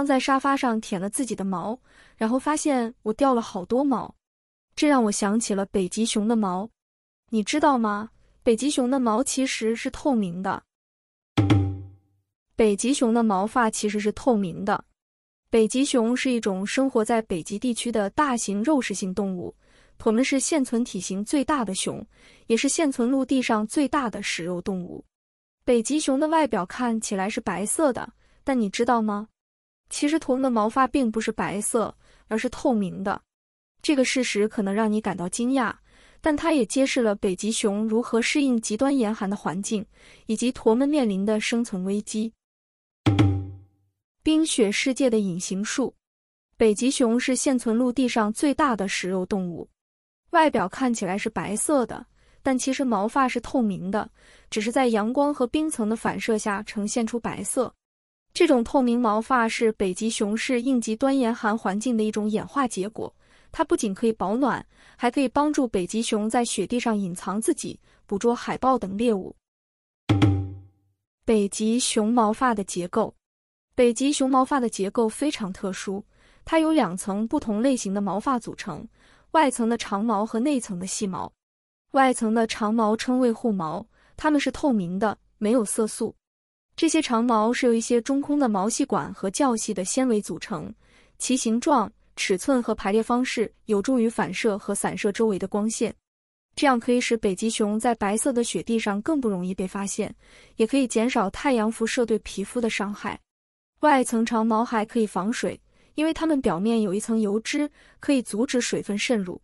剛在沙發上舔了自己的毛，然後發現我掉了好多毛，這讓我想起了北極熊的毛，你知道嗎？北極熊的毛其實是透明的。北極熊的毛髮其實是透明的。北極熊是一種生活在北極地區的大型肉食性動物，它們是現存體型最大的熊，也是現存陸地上最大的食肉動物。北極熊的外表看起來是白色的，但你知道嗎？其實牠們的毛髮並不是白色，而是透明的。這個事實可能讓你感到驚訝，但它也揭示了北極熊如何適應極端嚴寒的環境，以及牠們面臨的生存危機。冰雪世界的隱形術，北極熊是現存陸地上最大的食肉動物，外表看起來是白色的，但其實毛髮是透明的，只是在陽光和冰層的反射下呈現出白色。這種透明毛髮是北極熊適應極端嚴寒環境的一種演化結果。它不僅可以保暖，還可以幫助北極熊在雪地上隱藏自己，捕捉海豹等獵物。北極熊毛髮的結構，北極熊毛髮的結構非常特殊，它由兩層不同類型的毛髮組成：外層的長毛和內層的細毛。外層的長毛稱為護毛，它們是透明的，沒有色素。這些長毛是由一些中空的毛細管和較細的纖維組成，其形狀、尺寸和排列方式有助於反射和散射周圍的光線，這樣可以使北極熊在白色的雪地上更不容易被發現，也可以減少太陽輻射對皮膚的傷害。外層長毛還可以防水，因為它們表面有一層油脂，可以阻止水分滲入。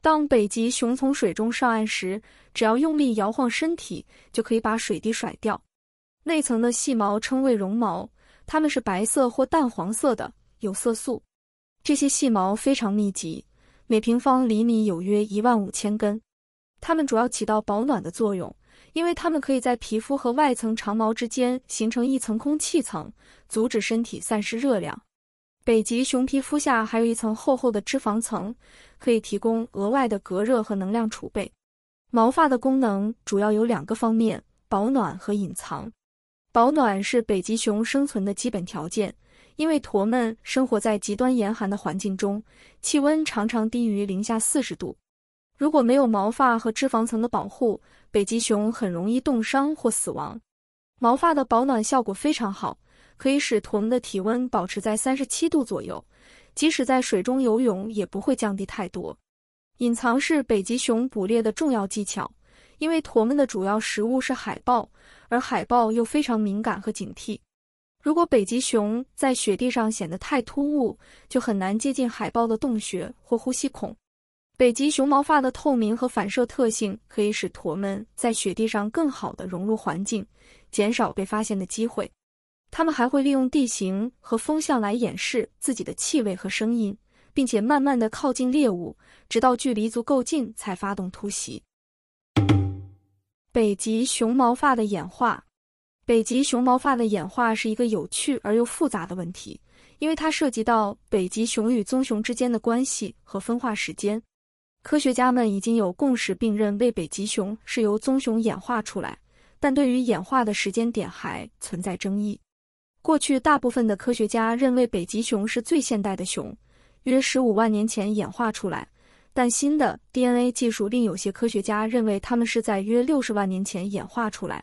當北極熊從水中上岸時，只要用力搖晃身體，就可以把水滴甩掉。內層的細毛稱為絨毛，它們是白色或淡黃色的，有色素。這些細毛非常密集，每平方釐米有約一萬五千根。它們主要起到保暖的作用，因為它們可以在皮膚和外層長毛之間形成一層空氣層，阻止身體散失熱量。北極熊皮膚下還有一層厚厚的脂肪層，可以提供額外的隔熱和能量儲備。毛髮的功能主要有兩個方面：保暖和隱藏。保暖是北極熊生存的基本條件，因為牠們生活在極端嚴寒的環境中，氣溫常常低於零下四十度。如果沒有毛髮和脂肪層的保護，北極熊很容易凍傷或死亡。毛髮的保暖效果非常好，可以使牠們的體溫保持在三十七度左右，即使在水中游泳也不會降低太多。隱藏是北極熊捕獵的重要技巧。因為牠們的主要食物是海豹，而海豹又非常敏感和警惕。如果北極熊在雪地上顯得太突兀，就很難接近海豹的洞穴或呼吸孔。北極熊毛髮的透明和反射特性，可以使牠們在雪地上更好地融入環境，減少被發現的機會。它們還會利用地形和風向來掩飾自己的氣味和聲音，並且慢慢地靠近獵物，直到距離足夠近才發動突襲。北極熊毛髮的演化。北極熊毛髮的演化是一個有趣而又複雜的問題，因為它涉及到北極熊與棕熊之間的關係和分化時間。科學家們已經有共識，並認為北極熊是由棕熊演化出來，但對於演化的時間點還存在爭議。過去，大部分的科學家認為北極熊是最現代的熊，約十五萬年前演化出來。但新的 DNA 技術令有些科學家認為，它們是在約六十萬年前演化出來。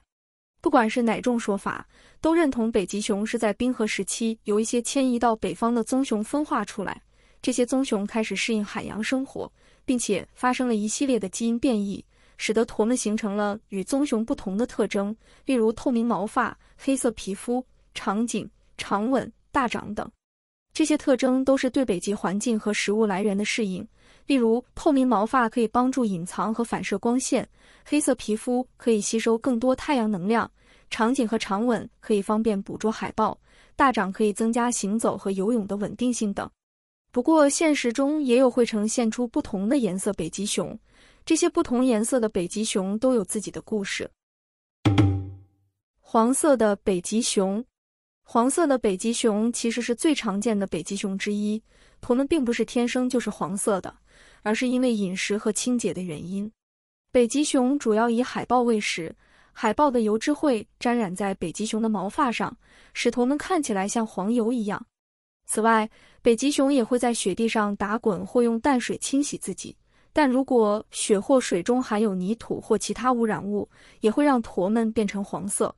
不管是哪種說法，都認同北極熊是在冰河時期由一些遷移到北方的棕熊分化出來。這些棕熊開始適應海洋生活，並且發生了一系列的基因變異，使得牠們形成了與棕熊不同的特徵，例如透明毛髮、黑色皮膚、長頸、長吻、大掌等。這些特徵都是對北極環境和食物來源的適應。例如，透明毛髮可以幫助隱藏和反射光線；黑色皮膚可以吸收更多太陽能量；長頸和長吻可以方便捕捉海豹；大掌可以增加行走和游泳的穩定性等。不過，現實中也有會呈現出不同的顏色北極熊，這些不同顏色的北極熊都有自己的故事。黃色的北極熊。黃色的北極熊其實是最常見的北極熊之一，牠們並不是天生就是黃色的，而是因為飲食和清潔的原因。北極熊主要以海豹為食，海豹的油脂會沾染在北極熊的毛髮上，使牠們看起來像黃油一樣。此外，北極熊也會在雪地上打滾或用淡水清洗自己，但如果雪或水中含有泥土或其他汙染物，也會讓牠們變成黃色。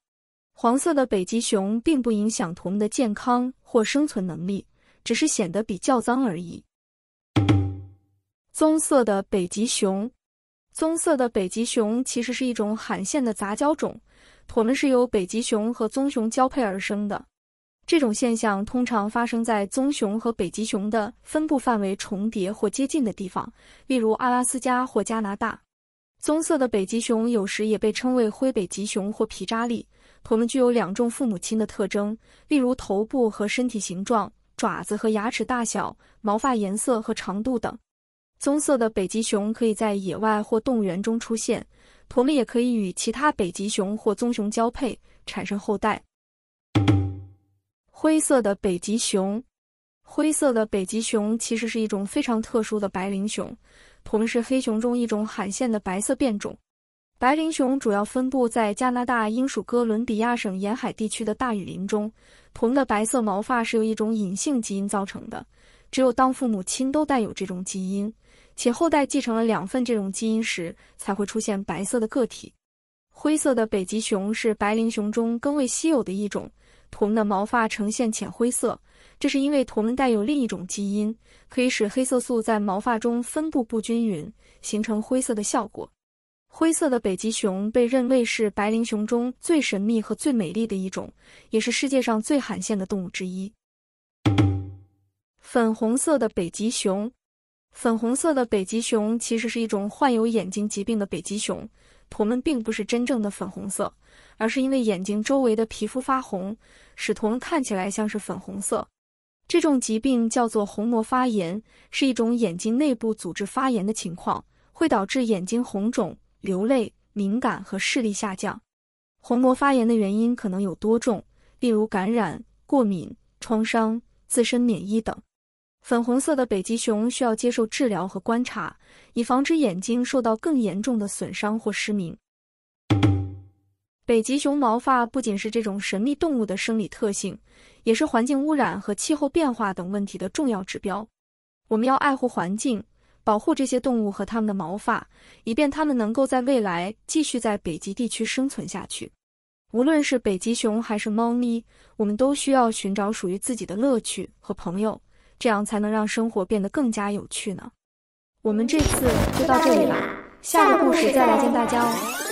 黃色的北極熊並不影響它們的健康或生存能力，只是顯得比較髒而已。棕色的北極熊，棕色的北極熊其實是一種罕見的雜交種，它們是由北極熊和棕熊交配而生的。這種現象通常發生在棕熊和北極熊的分布範圍重疊或接近的地方，例如阿拉斯加或加拿大。棕色的北極熊有時也被稱為灰北極熊或皮扎利。牠們具有兩種父母親的特徵，例如頭部和身體形狀、爪子和牙齒大小、毛髮顏色和長度等。棕色的北極熊可以在野外或動物園中出現，牠們也可以與其他北極熊或棕熊交配，產生後代。灰色的北極熊，灰色的北極熊其實是一種非常特殊的白靈熊，牠們是黑熊中一種罕見的白色變種。白靈熊主要分佈在加拿大英屬哥倫比亞省沿海地區的大雨林中。牠們的白色毛髮是由一種隱性基因造成的，只有當父母親都帶有這種基因，且後代繼承了兩份這種基因時，才會出現白色的個體。灰色的北極熊是白靈熊中更為稀有的一種，牠們的毛髮呈現淺灰色，這是因為牠們帶有另一種基因，可以使黑色素在毛髮中分佈不均勻，形成灰色的效果。灰色的北極熊被認為是白令熊中最神秘和最美麗的一種，也是世界上最罕見的動物之一。粉紅色的北極熊，粉紅色的北極熊其實是一種患有眼睛疾病的北極熊。牠們並不是真正的粉紅色，而是因為眼睛周圍的皮膚發紅，使牠看起來像是粉紅色。這種疾病叫做虹膜發炎，是一種眼睛內部組織發炎的情況，會導致眼睛紅腫。流淚、敏感和視力下降，虹膜發炎的原因可能有多種，例如感染、過敏、創傷、自身免疫等。粉紅色的北極熊需要接受治療和觀察，以防止眼睛受到更嚴重的損傷或失明。北極熊毛髮不僅是這種神秘動物的生理特性，也是環境污染和氣候變化等問題的重要指標。我們要愛護環境。保護這些動物和它們的毛髮，以便它們能夠在未來繼續在北極地區生存下去。無論是北極熊還是貓咪，我們都需要尋找屬於自己的樂趣和朋友，這樣才能讓生活變得更加有趣呢。我們這次就到這裡吧，下個故事再來見大家哦。